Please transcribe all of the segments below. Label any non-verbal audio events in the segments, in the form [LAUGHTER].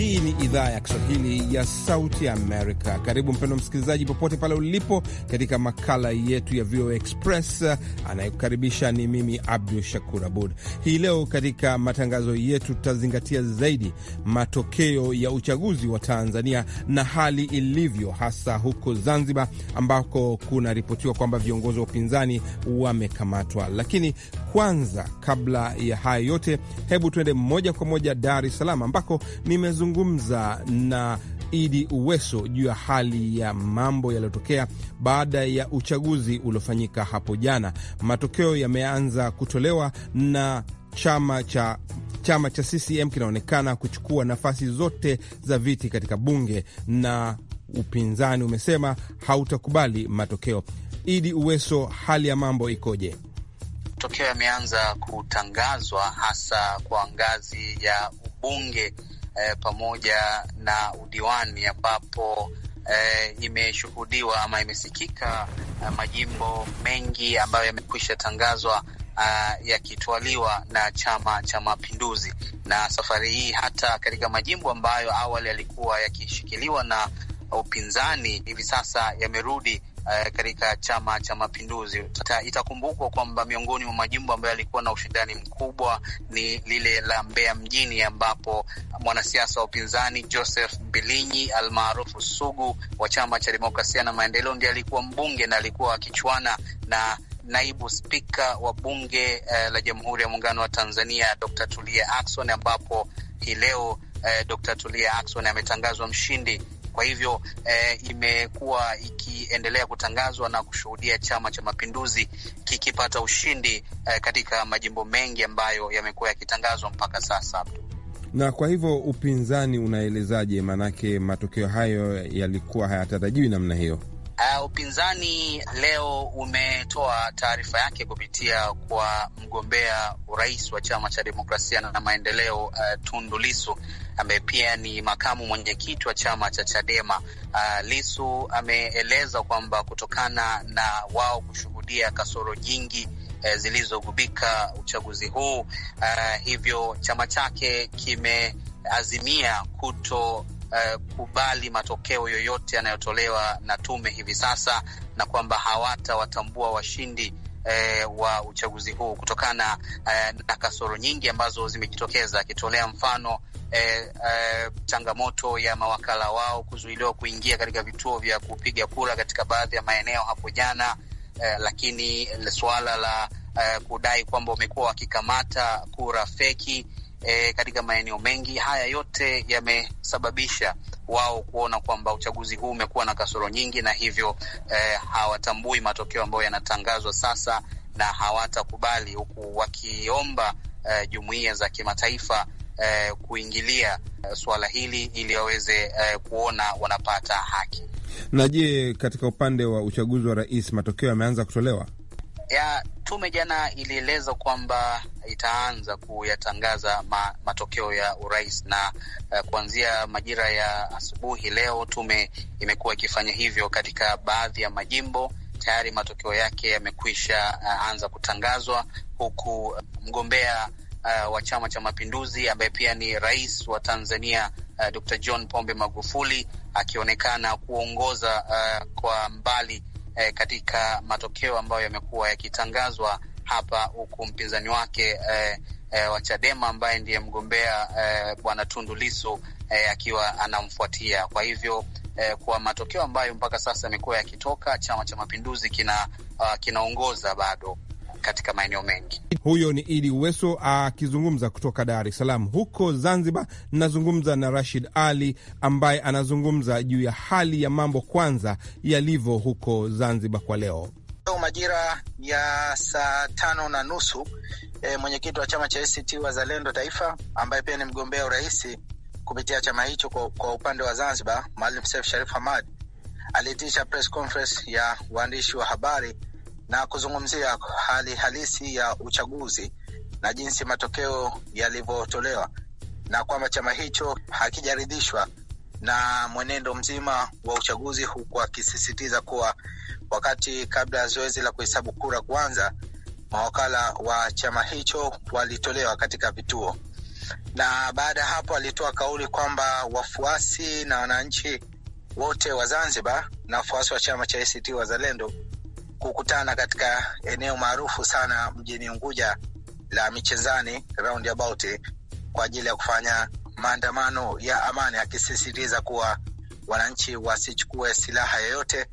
Hii ni idhaa ya Kiswahili ya Sauti Amerika. Karibu mpendo msikilizaji, popote pale ulipo, katika makala yetu ya VOA Express. Anayekukaribisha ni mimi Abdu Shakur Abud. Hii leo katika matangazo yetu tutazingatia zaidi matokeo ya uchaguzi wa Tanzania na hali ilivyo hasa huko Zanzibar, ambako kunaripotiwa kwamba viongozi wa upinzani wamekamatwa. Lakini kwanza, kabla ya haya yote, hebu tuende moja kwa moja Dar es Salaam ambako nimezungumza amezungumza na Idi Uweso juu ya hali ya mambo yaliyotokea baada ya uchaguzi uliofanyika hapo jana. Matokeo yameanza kutolewa na chama cha chama cha CCM kinaonekana kuchukua nafasi zote za viti katika bunge na upinzani umesema hautakubali matokeo. Idi Uweso, hali ya mambo ikoje? Matokeo yameanza kutangazwa hasa kwa ngazi ya ubunge e, pamoja na udiwani ambapo e, imeshuhudiwa ama imesikika e, majimbo mengi ambayo yamekwisha tangazwa Uh, yakitwaliwa na Chama cha Mapinduzi, na safari hii hata katika majimbo ambayo awali yalikuwa yakishikiliwa na upinzani hivi sasa yamerudi uh, katika Chama cha Mapinduzi. Itakumbukwa kwamba miongoni mwa majimbo ambayo yalikuwa na ushindani mkubwa ni lile la Mbeya mjini ambapo mwanasiasa wa upinzani Joseph Bilinyi almaarufu Sugu wa Chama cha Demokrasia na Maendeleo ndiye alikuwa mbunge na alikuwa akichuana na naibu spika wa bunge uh, la Jamhuri ya Muungano wa Tanzania Dr. Tulia Ackson ambapo hii leo uh, eh, Dr. Tulia Ackson ametangazwa mshindi kwa hivyo eh, imekuwa ikiendelea kutangazwa na kushuhudia Chama cha Mapinduzi kikipata ushindi eh, katika majimbo mengi ambayo yamekuwa yakitangazwa mpaka sasa. Na kwa hivyo upinzani unaelezaje? Maanake matokeo hayo yalikuwa hayatarajiwi namna hiyo. Uh, upinzani leo umetoa taarifa yake kupitia kwa mgombea urais wa chama cha demokrasia na maendeleo uh, Tundu Lisu ambaye pia ni makamu mwenyekiti wa chama cha Chadema. Uh, eh, Lisu ameeleza kwamba kutokana na wao kushuhudia kasoro nyingi uh, zilizogubika uchaguzi huu uh, hivyo chama chake kimeazimia kuto uh, kubali matokeo yoyote yanayotolewa na tume hivi sasa, na kwamba hawatawatambua washindi E, wa uchaguzi huu kutokana e, na kasoro nyingi ambazo zimejitokeza, akitolea mfano e, e, changamoto ya mawakala wao kuzuiliwa kuingia katika vituo vya kupiga kura katika baadhi ya maeneo hapo jana e, lakini suala la e, kudai kwamba wamekuwa wakikamata kura feki e, katika maeneo mengi. Haya yote yamesababisha wao kuona kwamba uchaguzi huu umekuwa na kasoro nyingi, na hivyo e, hawatambui matokeo ambayo yanatangazwa sasa na hawatakubali, huku wakiomba e, jumuiya za kimataifa e, kuingilia e, suala hili ili waweze e, kuona wanapata haki. Na je, katika upande wa uchaguzi wa rais matokeo yameanza kutolewa? ya tume jana ilieleza kwamba itaanza kuyatangaza ma, matokeo ya urais na uh, kuanzia majira ya asubuhi leo tume imekuwa ikifanya hivyo katika baadhi ya majimbo. Tayari matokeo yake yamekwisha uh, anza kutangazwa huku eh, mgombea uh, wa Chama cha Mapinduzi ambaye pia ni rais wa Tanzania uh, Dr. John Pombe Magufuli akionekana kuongoza uh, kwa mbali eh, katika matokeo ambayo yamekuwa yakitangazwa hapa, huku mpinzani wake eh, eh, wa Chadema ambaye ndiye mgombea eh, bwana Tundu Lissu eh, akiwa anamfuatia. Kwa hivyo eh, kwa matokeo ambayo mpaka sasa yamekuwa yakitoka, Chama cha Mapinduzi kina uh, kinaongoza bado katika maeneo mengi. Huyo ni Idi Uweso akizungumza kutoka Dar es Salaam. Huko Zanzibar nazungumza na Rashid Ali ambaye anazungumza juu ya hali ya mambo kwanza yalivyo huko Zanzibar kwa leo. Leo majira ya saa tano na nusu e, mwenyekiti wa chama cha ACT Wazalendo Taifa ambaye pia ni mgombea urais kupitia chama hicho kwa, kwa upande wa Zanzibar, Maalim Seif Sharif Hamad aliitisha press conference ya waandishi wa habari na kuzungumzia hali halisi ya uchaguzi na jinsi matokeo yalivyotolewa, na kwamba chama hicho hakijaridhishwa na mwenendo mzima wa uchaguzi, huku akisisitiza kuwa wakati kabla ya zoezi la kuhesabu kura kuanza, mawakala wa chama hicho walitolewa katika vituo. Na baada ya hapo, alitoa kauli kwamba wafuasi na wananchi wote wa Zanzibar na wafuasi wa chama cha ACT Wazalendo kukutana katika eneo maarufu sana mjini Unguja la Michezani roundabout kwa ajili ya kufanya maandamano ya amani, akisisitiza kuwa wananchi wasichukue silaha yoyote.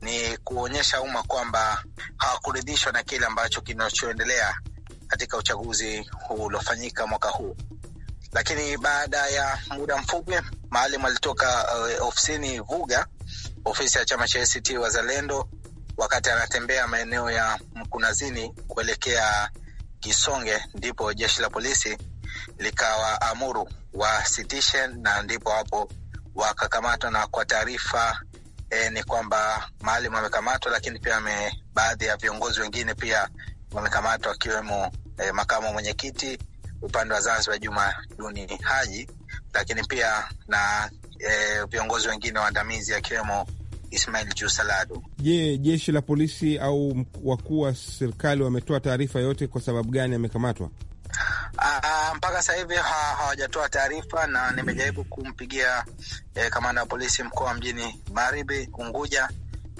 Ni kuonyesha umma kwamba hawakuridhishwa na kile ambacho kinachoendelea katika uchaguzi huu uliofanyika mwaka huu. Lakini baada ya muda mfupi, Maalim alitoka uh, ofisini Vuga, ofisi ya chama cha ACT Wazalendo wakati anatembea maeneo ya Mkunazini kuelekea Kisonge, ndipo jeshi la polisi likawaamuru wasitishe, na ndipo hapo wakakamatwa. Na kwa taarifa e, ni kwamba Maalim amekamatwa, lakini pia baadhi ya viongozi wengine pia wamekamatwa akiwemo e, makamu mwenyekiti upande wa Zanzibar Juma Duni Haji, lakini pia na e, viongozi wengine waandamizi akiwemo Ismail Jusalado. Je, jeshi la polisi au wakuu wa serikali wametoa taarifa yote kwa sababu gani amekamatwa? Uh, mpaka sasa hivi hawajatoa ha, taarifa na nimejaribu kumpigia eh, kamanda wa polisi mkoa mjini Magharibi Unguja,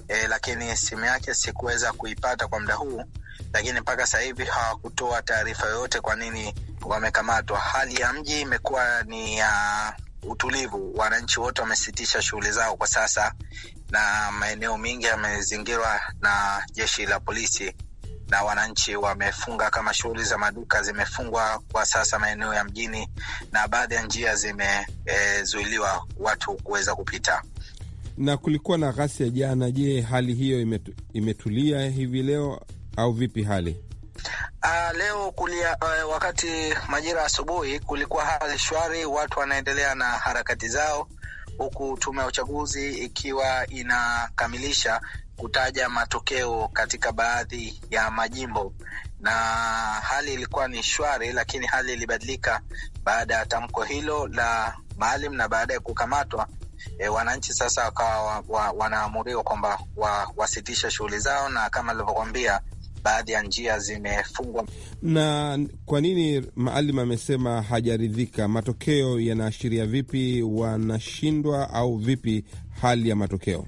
eh, lakini simu yake sikuweza kuipata kwa muda huu, lakini mpaka sasa hivi hawakutoa taarifa yoyote kwa nini wamekamatwa. Hali ya mji imekuwa ni ya uh, utulivu. Wananchi wote wamesitisha shughuli zao kwa sasa na maeneo mengi yamezingirwa na jeshi la polisi na wananchi wamefunga, kama shughuli za maduka zimefungwa kwa sasa maeneo ya mjini, na baadhi ya njia zimezuiliwa e, watu kuweza kupita. Na kulikuwa na ghasia jana. Je, hali hiyo imetu, imetulia hivi leo au vipi hali? Uh, leo kulia, uh, wakati majira asubuhi kulikuwa hali shwari, watu wanaendelea na harakati zao huku tume ya uchaguzi ikiwa inakamilisha kutaja matokeo katika baadhi ya majimbo na hali ilikuwa ni shwari, lakini hali ilibadilika baada ya tamko hilo la Maalim na baada ya kukamatwa e, wananchi sasa wakawa wanaamuriwa kwamba wasitishe wa shughuli zao, na kama alivyokwambia baadhi ya njia zimefungwa. Na kwa nini Maalim amesema hajaridhika? Matokeo yanaashiria vipi? Wanashindwa au vipi hali ya matokeo?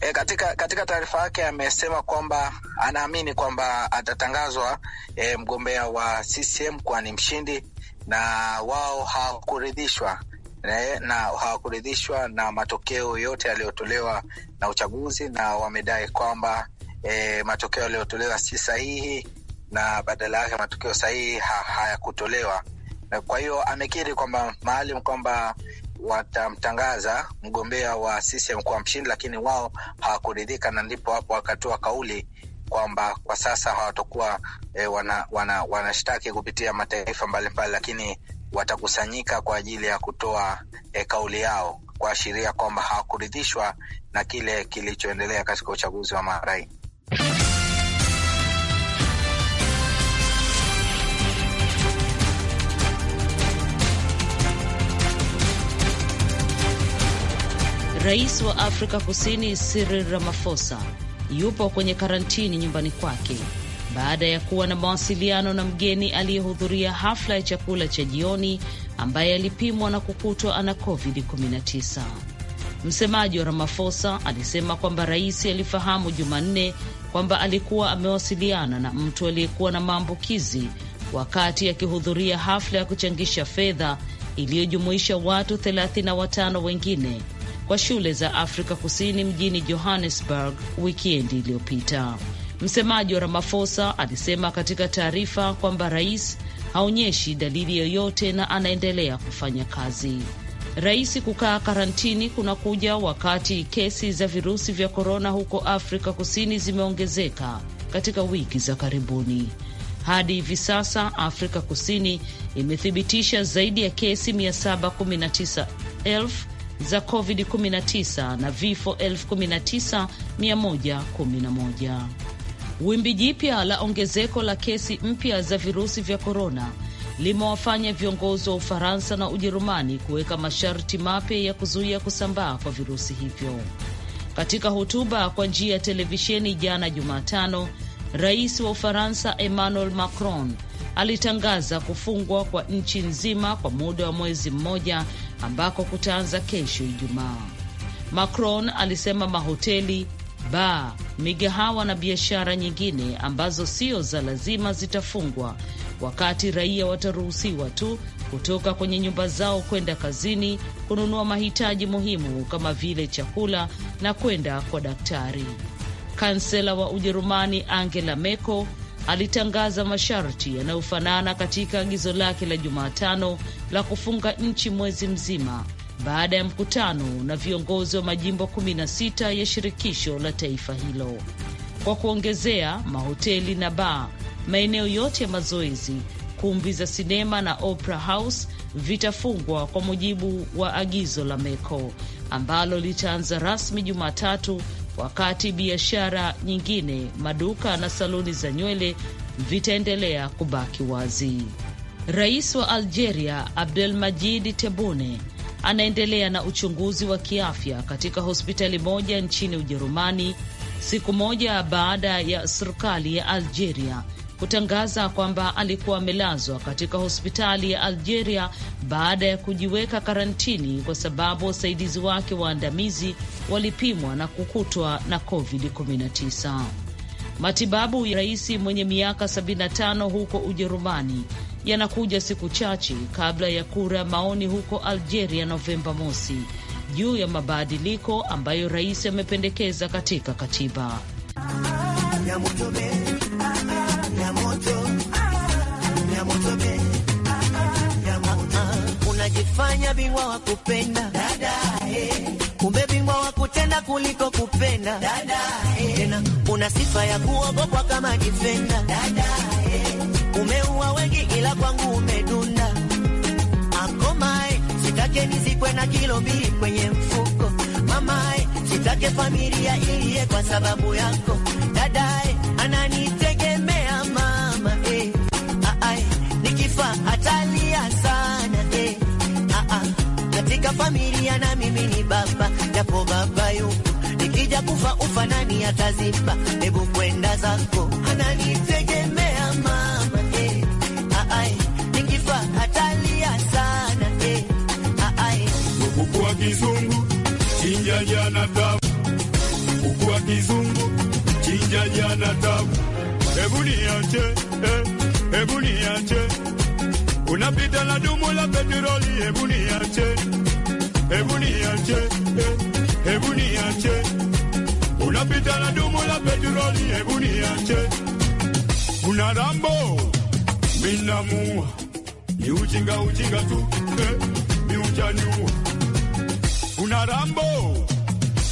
E, katika katika taarifa yake amesema kwamba anaamini kwamba atatangazwa e, mgombea wa CCM kuwa ni mshindi, na wao hawakuridhishwa e, na hawakuridhishwa na matokeo yote yaliyotolewa na uchaguzi, na wamedai kwamba e, matokeo yaliyotolewa si sahihi na badala yake matokeo sahihi ha, hayakutolewa. kwa hiyo amekiri kwamba Maalim kwamba watamtangaza mgombea wa CCM kuwa mshindi, lakini wao hawakuridhika, na ndipo hapo wakatoa kauli kwamba kwa sasa hawatakuwa e, wanashtaki wana, wana kupitia mataifa mbalimbali, lakini watakusanyika kwa ajili ya kutoa e, kauli yao kuashiria kwamba hawakuridhishwa na kile kilichoendelea katika uchaguzi wa marai. Rais wa Afrika Kusini Cyril Ramaphosa yupo kwenye karantini nyumbani kwake baada ya kuwa na mawasiliano na mgeni aliyehudhuria hafla ya chakula cha jioni ambaye alipimwa na kukutwa ana COVID-19. Msemaji wa ramafosa alisema kwamba rais alifahamu Jumanne kwamba alikuwa amewasiliana na mtu aliyekuwa na maambukizi wakati akihudhuria hafla ya kuchangisha fedha iliyojumuisha watu 35 wengine kwa shule za Afrika Kusini mjini Johannesburg wikendi iliyopita. Msemaji wa ramafosa alisema katika taarifa kwamba rais haonyeshi dalili yoyote na anaendelea kufanya kazi. Rais kukaa karantini kunakuja wakati kesi za virusi vya korona huko Afrika Kusini zimeongezeka katika wiki za karibuni. Hadi hivi sasa Afrika Kusini imethibitisha zaidi ya kesi 719,000 za COVID-19 na vifo 19,111. Wimbi jipya la ongezeko la kesi mpya za virusi vya korona limewafanya viongozi wa Ufaransa na Ujerumani kuweka masharti mapya ya kuzuia kusambaa kwa virusi hivyo. Katika hotuba kwa njia ya televisheni jana Jumatano, rais wa Ufaransa Emmanuel Macron alitangaza kufungwa kwa nchi nzima kwa muda wa mwezi mmoja ambako kutaanza kesho Ijumaa. Macron alisema mahoteli, baa, migahawa na biashara nyingine ambazo sio za lazima zitafungwa wakati raia wataruhusiwa tu kutoka kwenye nyumba zao kwenda kazini, kununua mahitaji muhimu kama vile chakula na kwenda kwa daktari. Kansela wa Ujerumani Angela Merkel alitangaza masharti yanayofanana katika agizo lake la Jumatano la kufunga nchi mwezi mzima baada ya mkutano na viongozi wa majimbo 16 ya shirikisho la taifa hilo. Kwa kuongezea, mahoteli na baa maeneo yote ya mazoezi, kumbi za sinema na Opera House vitafungwa kwa mujibu wa agizo la Meko ambalo litaanza rasmi Jumatatu, wakati biashara nyingine, maduka na saluni za nywele vitaendelea kubaki wazi. Rais wa Algeria Abdelmajid tebune anaendelea na uchunguzi wa kiafya katika hospitali moja nchini Ujerumani siku moja baada ya serikali ya Algeria kutangaza kwamba alikuwa amelazwa katika hospitali ya Algeria baada ya kujiweka karantini kwa sababu wasaidizi wake waandamizi walipimwa na kukutwa na COVID-19. Matibabu ya rais mwenye miaka 75 huko Ujerumani yanakuja siku chache kabla ya kura ya maoni huko Algeria Novemba mosi juu ya mabadiliko ambayo rais amependekeza katika katiba. kumbe bingwa wa kupenda dada, hey. Kumbe bingwa wa kutenda kuliko kupenda dada, hey. Tena una sifa ya kuogopwa kama difenda dada, hey. Umeua wengi ila kwangu umedunda akomae, sitake nizikwe na kilo mbili kwenye mfuko mamae, sitake familia iliye kwa sababu yako dadae anani katika familia na mimi ni baba, japo baba yuko nikija kufa ufa nani ataziba? Hebu kwenda zako, ananitegemea mama eh, aai ah, nikifa hatalia sana eh, aai ah, kuku wa kizungu chinja jana tabu, kuku kizungu chinja jana tabu, hebu niache eh, hebu niache unapita na dumu la petroli, hebu niache ebuniache eh, ebuniache unapita na dumu la petroli ebuniache una rambo minamua ni ujinga ujinga tu eh, ni ujanua una rambo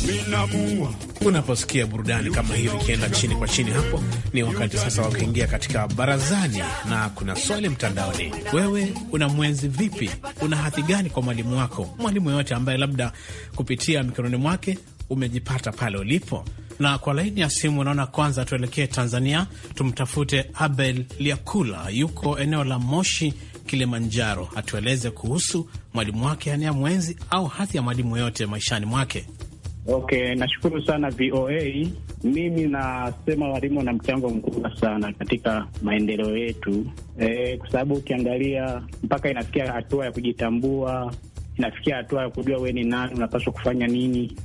minamua Unaposikia burudani kama hiyo ikienda chini kwa chini, hapo ni wakati sasa wa kuingia katika barazani, na kuna swali mtandaoni. Wewe una mwenzi vipi? Una hadhi gani kwa mwalimu wako, mwalimu yoyote ambaye labda kupitia mikononi mwake umejipata pale ulipo? Na kwa laini ya simu unaona, kwanza tuelekee Tanzania, tumtafute Abel Liakula, yuko eneo la Moshi, Kilimanjaro, atueleze kuhusu mwalimu wake, yani ya mwenzi au hadhi ya mwalimu yoyote maishani mwake. Okay, nashukuru sana VOA. Mimi nasema walimu wana mchango mkubwa sana katika maendeleo yetu e, kwa sababu ukiangalia mpaka inafikia hatua ya kujitambua, inafikia hatua ya kujua we ni nani, unapaswa kufanya nini,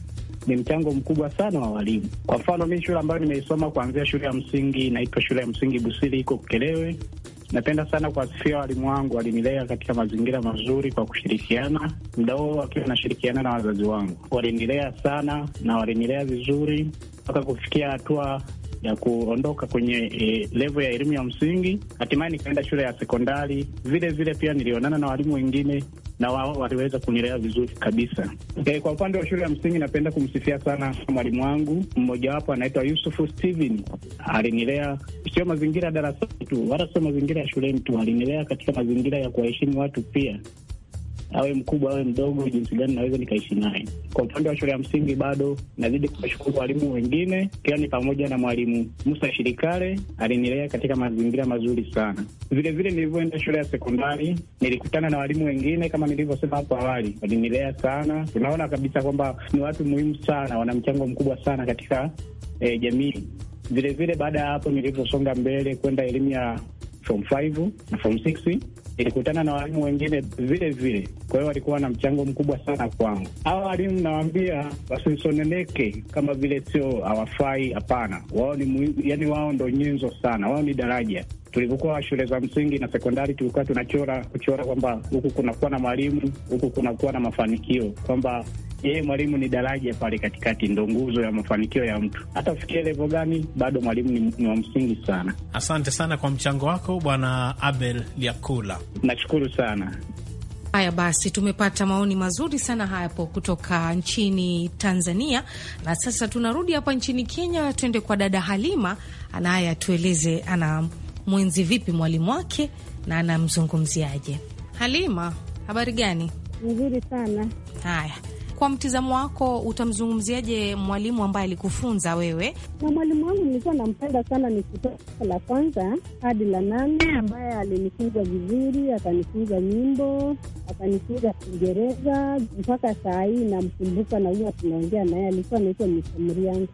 ni mchango mkubwa sana wa walimu. Kwa mfano, mi shule ambayo nimeisoma kuanzia shule ya msingi inaitwa shule ya msingi Busiri, iko Ukelewe. Napenda sana kuwasifia walimu wangu, walinilea katika mazingira mazuri kwa kushirikiana, mda huo wakiwa nashirikiana na wazazi wangu. Walinilea sana na walinilea vizuri mpaka kufikia hatua ya kuondoka kwenye e, levo ya elimu ya msingi, hatimaye nikaenda shule ya sekondari. Vile vile pia nilionana na walimu wengine na wao waliweza kunilea vizuri kabisa. E, kwa upande wa shule ya msingi napenda kumsifia sana mwalimu wangu mmojawapo, anaitwa Yusufu Steven. Alinilea sio mazingira ya darasani tu, wala sio mazingira ya shuleni tu, alinilea katika mazingira ya kuwaheshimu watu pia awe mkubwa awe mdogo, jinsi gani naweza nikaishi naye. Kwa upande wa shule ya msingi, bado nazidi kuwashukuru walimu wengine, ikiwa ni pamoja na mwalimu Musa Shirikale, alinilea katika mazingira mazuri sana. Vilevile nilivyoenda shule ya sekondari, nilikutana na walimu wengine kama nilivyosema hapo awali, walinilea sana. Tunaona kabisa kwamba ni watu muhimu sana, wana mchango mkubwa sana katika e, jamii. Vilevile baada ya hapo nilivyosonga mbele kwenda elimu ya form 5 na form 6 nilikutana na walimu wengine vile vile, kwa hiyo walikuwa na mchango mkubwa sana kwangu. Hawa walimu nawaambia wasisoneneke, kama vile sio hawafai. Hapana, wao ni yani, wao ndo nyenzo sana, wao ni daraja tulivyokuwa shule za msingi na sekondari, tulikuwa tunachora kuchora kwamba huku kunakuwa na mwalimu, huku kunakuwa na mafanikio, kwamba yeye mwalimu ni daraja pale katikati, ndo nguzo ya mafanikio ya mtu. Hata ufikia levo gani, bado mwalimu ni, ni wa msingi sana. Asante sana kwa mchango wako Bwana Abel Lyakula, nashukuru sana. Haya basi, tumepata maoni mazuri sana hapo kutoka nchini Tanzania, na sasa tunarudi hapa nchini Kenya, tuende kwa dada Halima anaye atueleze ana mwenzi vipi mwalimu wake na anamzungumziaje. Halima, habari gani? Nzuri sana. Haya, kwa mtizamo wako utamzungumziaje mwalimu ambaye alikufunza wewe? Na mwalimu wangu nilikuwa nampenda sana, ni kutoka la kwanza hadi la nane, ambaye alinifunza vizuri, akanifunza nyimbo, akanifunza Kiingereza mpaka saa hii namkumbuka, na huwa tunaongea naye. Alikuwa anaitwa mishamuri yangu.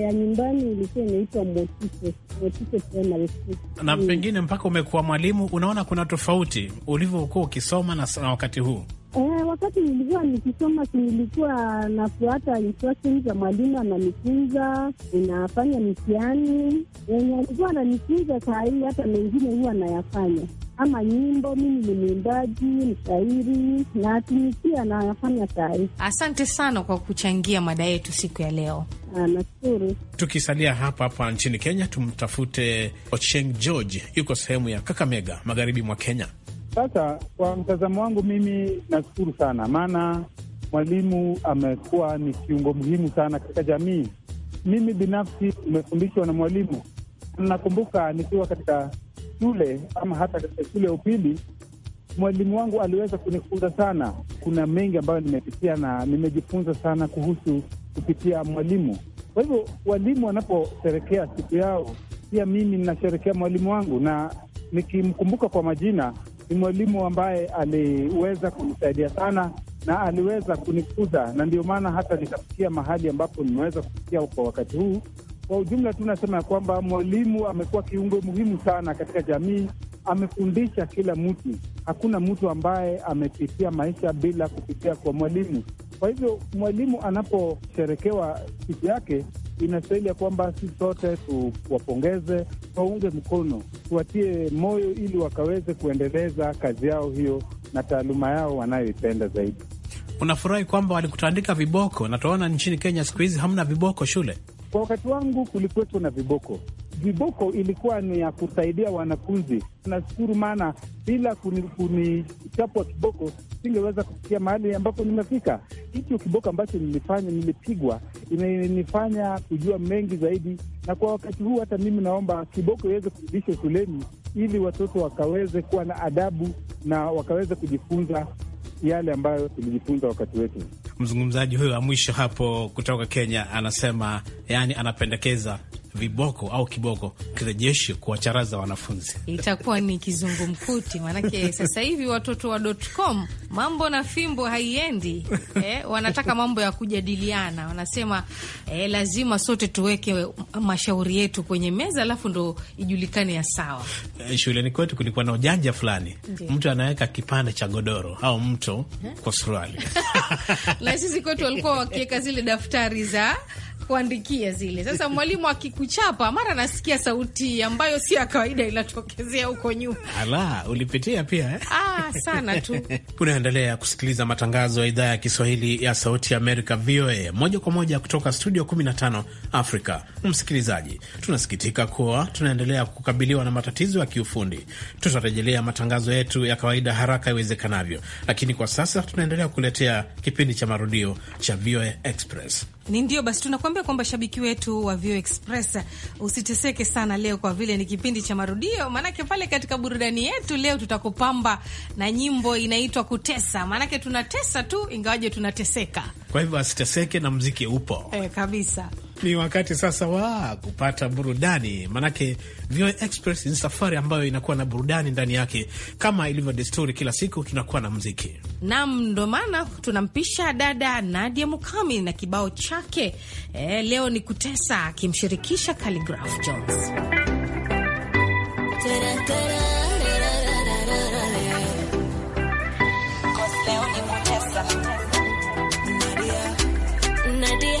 ya nyumbani ilikuwa inaitwa Motice, Motice Primary School. Na pengine mpaka umekuwa mwalimu, unaona kuna tofauti ulivyokuwa ukisoma na wakati huu Eh, wakati nilikuwa nikisoma nilikuwa nafuata instruction za mwalimu ananifunza, inafanya mtihani yenye alikuwa ananifunza. Saa hii hata mengine huwa nayafanya, ama nyimbo. Mimi ni mwimbaji, mshairi na tumikia nayafanya saa hii. Asante sana kwa kuchangia mada yetu siku ya leo. Ah, nashukuru. Tukisalia hapa hapa nchini Kenya, tumtafute Ocheng George, yuko sehemu ya Kakamega, magharibi mwa Kenya. Sasa kwa mtazamo wangu mimi nashukuru sana, maana mwalimu amekuwa ni kiungo muhimu sana katika jamii. Mimi binafsi nimefundishwa na mwalimu. Nakumbuka nikiwa katika shule ama hata katika shule ya upili, mwalimu wangu aliweza kunifunza sana. Kuna mengi ambayo nimepitia na nimejifunza sana kuhusu kupitia mwalimu. Kwa hivyo walimu wanaposherekea siku yao, pia mimi ninasherekea mwalimu wangu, na nikimkumbuka kwa majina ni mwalimu ambaye aliweza kunisaidia sana na aliweza kunikuza, na ndio maana hata nikafikia mahali ambapo nimeweza kufikia kwa wakati huu. Kwa ujumla, tunasema ya kwamba mwalimu amekuwa kiungo muhimu sana katika jamii. Amefundisha kila mtu, hakuna mtu ambaye amepitia maisha bila kupitia kwa mwalimu. Kwa hivyo mwalimu anaposherekewa siku yake inastahili ya kwamba si sote tuwapongeze, waunge mkono, tuwatie moyo ili wakaweze kuendeleza kazi yao hiyo na taaluma yao wanayoipenda zaidi. Unafurahi kwamba walikutandika viboko, na tunaona nchini Kenya siku hizi hamna viboko shule. Kwa wakati wangu kulikuwepo na viboko. Viboko ilikuwa ni ya kusaidia wanafunzi. Nashukuru, maana bila kunichapwa kiboko singeweza kufikia mahali ambapo nimefika. Hicho kiboko ambacho nilifanya, nilipigwa, imenifanya kujua mengi zaidi, na kwa wakati huu hata mimi naomba kiboko iweze kurudishwa shuleni ili watoto wakaweze kuwa na adabu na wakaweze kujifunza yale ambayo tulijifunza wakati wetu. Mzungumzaji huyo wa mwisho hapo kutoka Kenya anasema, yani anapendekeza viboko au kiboko kirejeshe kuwacharaza wanafunzi, itakuwa ni kizungumkuti. Maanake sasa hivi watoto wa com mambo na fimbo haiendi [LAUGHS] eh, wanataka mambo ya kujadiliana. Wanasema eh, lazima sote tuweke mashauri yetu kwenye meza, alafu ndo ijulikane ya sawa. Eh, shuleni kwetu kulikuwa na ujanja fulani, mtu anaweka kipande cha godoro au mto eh? kwa suruali [LAUGHS] na sisi kwetu walikuwa wakiweka zile daftari za wanakuandikia zile. Sasa mwalimu akikuchapa, mara nasikia sauti ambayo si ya kawaida inatokezea huko nyuma. Ala, ulipitia pia eh? Ah, sana tu. [LAUGHS] Unaendelea kusikiliza matangazo ya idhaa ya Kiswahili ya Sauti ya Amerika, VOA, moja kwa moja kutoka studio 15 Afrika. Msikilizaji, tunasikitika kuwa tunaendelea kukabiliwa na matatizo ya kiufundi. Tutarejelea matangazo yetu ya kawaida haraka iwezekanavyo, lakini kwa sasa tunaendelea kuletea kipindi cha marudio cha VOA Express. Ni ndio basi, tunakuambia kwamba shabiki wetu wa Vio Express usiteseke sana leo, kwa vile ni kipindi cha marudio. Maanake pale katika burudani yetu leo tutakupamba na nyimbo inaitwa Kutesa. Maanake tunatesa tu, ingawaje tunateseka. Kwa hivyo asiteseke na mziki upo e, kabisa. Ni wakati sasa wa kupata burudani, manake VOA Express ni safari ambayo inakuwa na burudani ndani yake. Kama ilivyo desturi, kila siku tunakuwa na mziki nam, ndo maana tunampisha dada Nadia Mukami na kibao chake e, leo ni kutesa, akimshirikisha Khaligraph Jones. Nadia.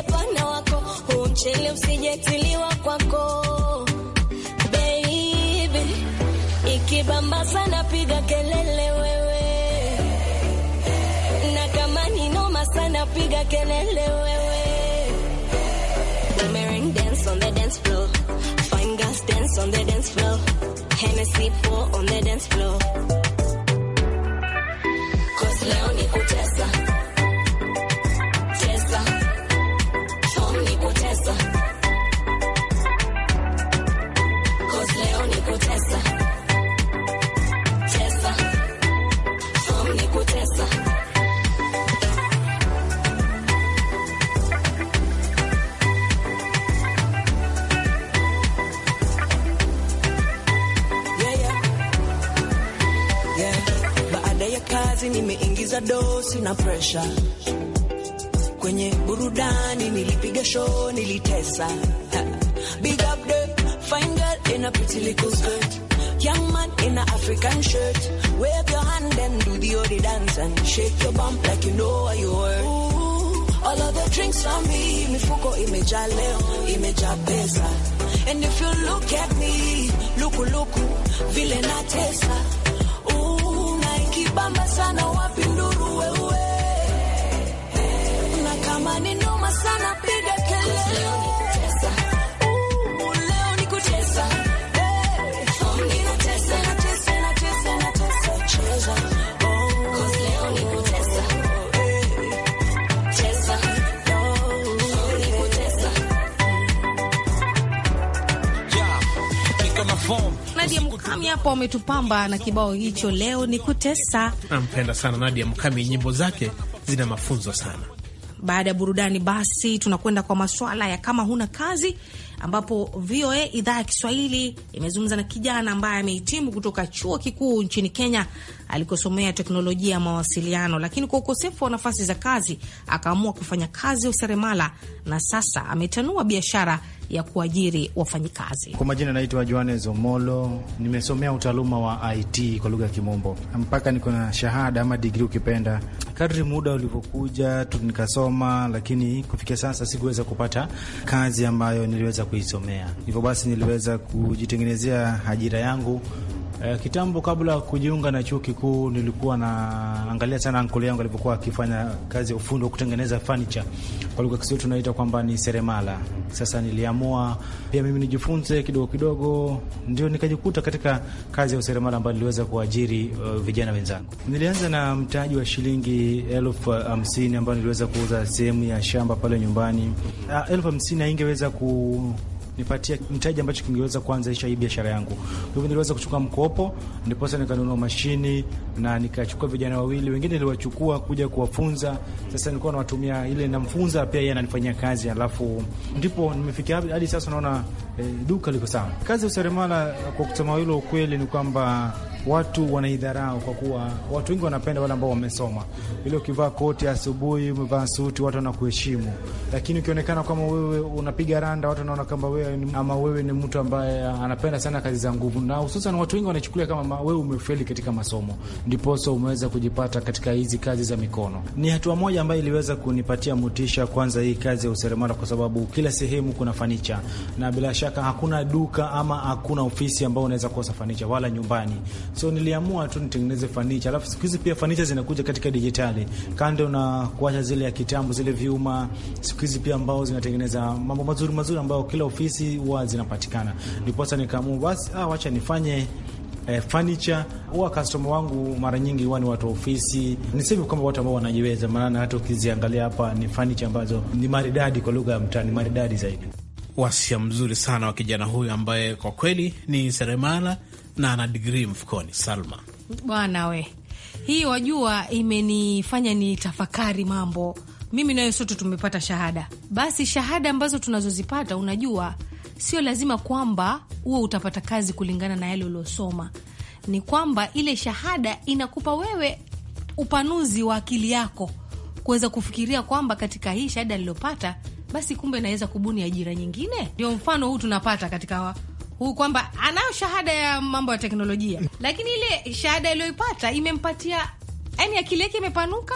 Chele usijatiliwa kwako baby, ikibamba sana piga kelele wewe, na kama ni noma sana piga kelele wewe. Women dance on the dance floor, fine girls dance on the dance floor, Hennessy pour on the dance floor nimeingiza dosi na presha kwenye burudani, nilipiga show, nilitesa big up the fine girl in a pretty little skirt, young man in a African shirt, wave your hand and do the odi dance and shake your bump like you know what you were. All of the drinks on me, mifuko imejaa leo, imejaa pesa. And if you look at me, luku luku, vile natesa kibamba sana, wapi nduru wewe, na kama ni noma sana, piga kelele Nadia mkami hapo ametupamba na kibao hicho, leo ni kutesa. Nampenda sana Nadia mkami nyimbo zake zina mafunzo sana. Baada ya burudani, basi tunakwenda kwa maswala ya kama huna kazi ambapo VOA idhaa ya Kiswahili imezungumza na kijana ambaye amehitimu kutoka chuo kikuu nchini Kenya alikosomea teknolojia ya mawasiliano, lakini kwa ukosefu wa nafasi za kazi akaamua kufanya kazi ya useremala na sasa ametanua biashara ya kuajiri wafanyikazi. Kwa majina naitwa Johannes Omolo, nimesomea utaaluma wa IT kwa lugha ya Kimombo, mpaka niko na shahada ama digri ukipenda. Kadri muda ulivyokuja nikasoma, lakini kufikia sasa sikuweza kupata kazi ambayo niliweza kuisomea. Hivyo basi niliweza kujitengenezea ajira yangu E, kitambo kabla kujiunga na chuo kikuu nilikuwa naangalia sana ankole yangu alivyokuwa akifanya kazi ya ufundi wa kutengeneza furniture, kwa lugha Kiswahili tunaita kwamba ni seremala. Sasa niliamua pia mimi nijifunze kidogo kidogo, ndio nikajikuta katika kazi ya useremala ambayo niliweza kuajiri uh, vijana wenzangu. Nilianza na mtaji wa shilingi elfu eh, hamsini ambayo niliweza kuuza sehemu ya shamba pale nyumbani. Ah, elfu hamsini haingeweza ku nipatia mtaji ambacho kingeweza kuanzisha hii biashara yangu. Kwa hivyo niliweza kuchukua mkopo, ndiposa nikanunua mashini na nikachukua vijana wawili wengine, niliwachukua kuja kuwafunza. Sasa nilikuwa nawatumia ile, namfunza pia yeye ananifanyia kazi, alafu ndipo nimefikia hadi sasa. Naona eh, duka liko sawa. Kazi ya useremala, kwa kusema hilo ukweli, ni kwamba watu wanaidharau kwa kuwa watu wengi wanapenda wale ambao wamesoma. Ile ukivaa koti asubuhi, umevaa suti, watu wanakuheshimu, lakini ukionekana kama wewe unapiga randa, watu wanaona kwamba wewe ama wewe ni mtu ambaye anapenda sana kazi za nguvu, na hususan watu wengi wanachukulia kama wewe umefeli katika masomo, ndiposa umeweza kujipata katika hizi kazi za mikono. Ni hatua moja ambayo iliweza kunipatia motisha kwanza, hii kazi ya useremala, kwa sababu kila sehemu kuna fanicha, na bila shaka hakuna duka ama hakuna ofisi ambao unaweza kukosa fanicha, wala nyumbani So niliamua tu nitengeneze fanicha, alafu siku hizi pia fanicha zinakuja katika dijitali, kando na kuacha zile ya kitambo, zile vyuma, siku hizi pia ambao zinatengeneza mambo mazuri mazuri ambayo kila ofisi huwa zinapatikana. Ndiposa nikaamua basi, ah, wacha nifanye eh, E, fanicha huwa customer wangu mara nyingi huwa ni watu wa ofisi, niseme kwamba watu ambao wanajiweza, maana hata ukiziangalia hapa ni fanicha ambazo ni maridadi, kwa lugha ya mtaa ni maridadi zaidi. Wasia mzuri sana wa kijana huyu ambaye kwa kweli ni seremala na ana digrii mfukoni. Salma bwana we, hii wajua, imenifanya ni tafakari mambo. Mimi nayo sote tumepata shahada, basi shahada ambazo tunazozipata, unajua sio lazima kwamba huwe utapata kazi kulingana na yale uliosoma. Ni kwamba ile shahada inakupa wewe upanuzi wa akili yako kuweza kufikiria kwamba katika hii shahada niliyopata, basi kumbe naweza kubuni ajira nyingine. Ndio mfano huu tunapata katika huu kwamba anayo shahada ya mambo ya teknolojia, lakini ile shahada iliyoipata imempatia yani, akili yake imepanuka,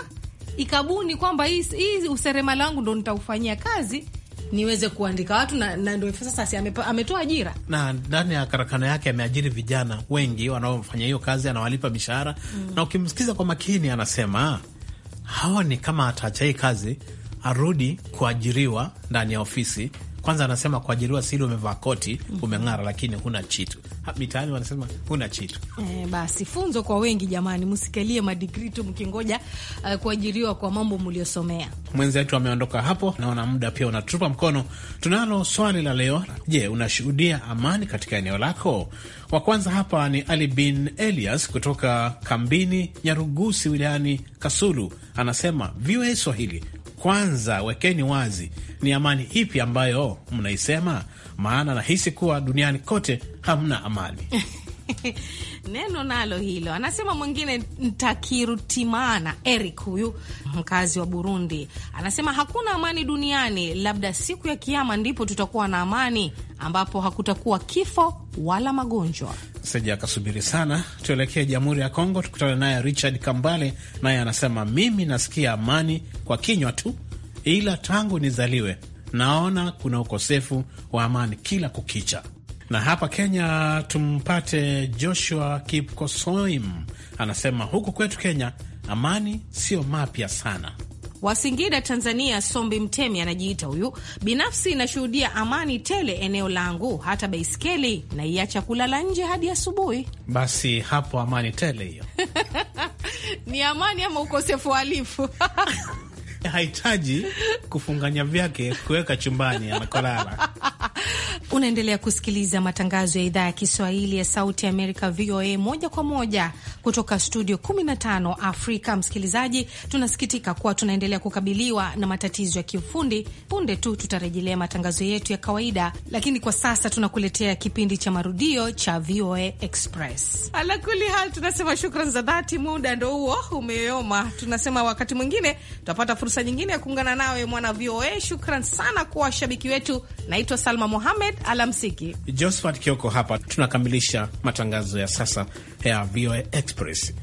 ikabuni kwamba hii useremala wangu ndo nitaufanyia kazi niweze kuandika watu na, na ndio sasa si ametoa ajira na ndani ya karakana yake ameajiri vijana wengi wanaofanya hiyo kazi, anawalipa mishahara mm. Na ukimsikiza kwa makini, anasema haoni kama ataacha hii kazi, arudi kuajiriwa ndani ya ofisi kwanza anasema kuajiriwa sili umevaa koti, umeng'ara, lakini huna chitu. Mitaani wanasema huna chitu. e, basi funzo kwa wengi jamani, msikalie madigri tu mkingoja uh, kuajiriwa kwa mambo mliosomea. Mwenzetu ameondoka hapo, naona muda pia unatupa mkono. Tunalo swali la leo. Je, unashuhudia amani katika eneo lako? Wa kwanza hapa ni Ali bin Elias kutoka kambini Nyarugusi wilayani Kasulu, anasema VOA Swahili kwanza wekeni wazi ni amani ipi ambayo mnaisema, maana nahisi kuwa duniani kote hamna amani. [LAUGHS] neno nalo hilo. Anasema mwingine Ntakirutimana Eric, huyu mkazi wa Burundi, anasema hakuna amani duniani, labda siku ya Kiama ndipo tutakuwa na amani, ambapo hakutakuwa kifo wala magonjwa. seja akasubiri sana, tuelekee Jamhuri ya Kongo tukutane naye Richard Kambale, naye anasema mimi nasikia amani kwa kinywa tu, ila tangu nizaliwe naona kuna ukosefu wa amani kila kukicha. Na hapa Kenya tumpate Joshua Kipkosoim, anasema huku kwetu Kenya amani sio mapya sana wasingida Tanzania. Sombi Mtemi anajiita huyu, binafsi inashuhudia amani tele eneo langu, hata baiskeli naiacha kulala nje hadi asubuhi. Basi hapo amani tele hiyo [LAUGHS] ni amani ama ukosefu alifu [LAUGHS] hahitaji kufunganya vyake kuweka chumbani anakolala [LAUGHS] Unaendelea kusikiliza matangazo ya idhaa ya Kiswahili ya Sauti ya Amerika, VOA, moja kwa moja kutoka studio 15 Afrika. Msikilizaji, tunasikitika kuwa tunaendelea kukabiliwa na matatizo ya kiufundi. Punde tu tutarejelea matangazo yetu ya kawaida, lakini kwa sasa tunakuletea kipindi cha marudio cha VOA Express. Ala kuli hal, tunasema shukran za dhati. Muda ndo huo umeyoma, tunasema wakati mwingine tutapata fursa nyingine ya kuungana nawe mwana VOA. Shukran sana kwa washabiki wetu. Naitwa Salma Mohamed alamsiki. Josephat Kioko hapa tunakamilisha matangazo ya sasa ya VOA Express.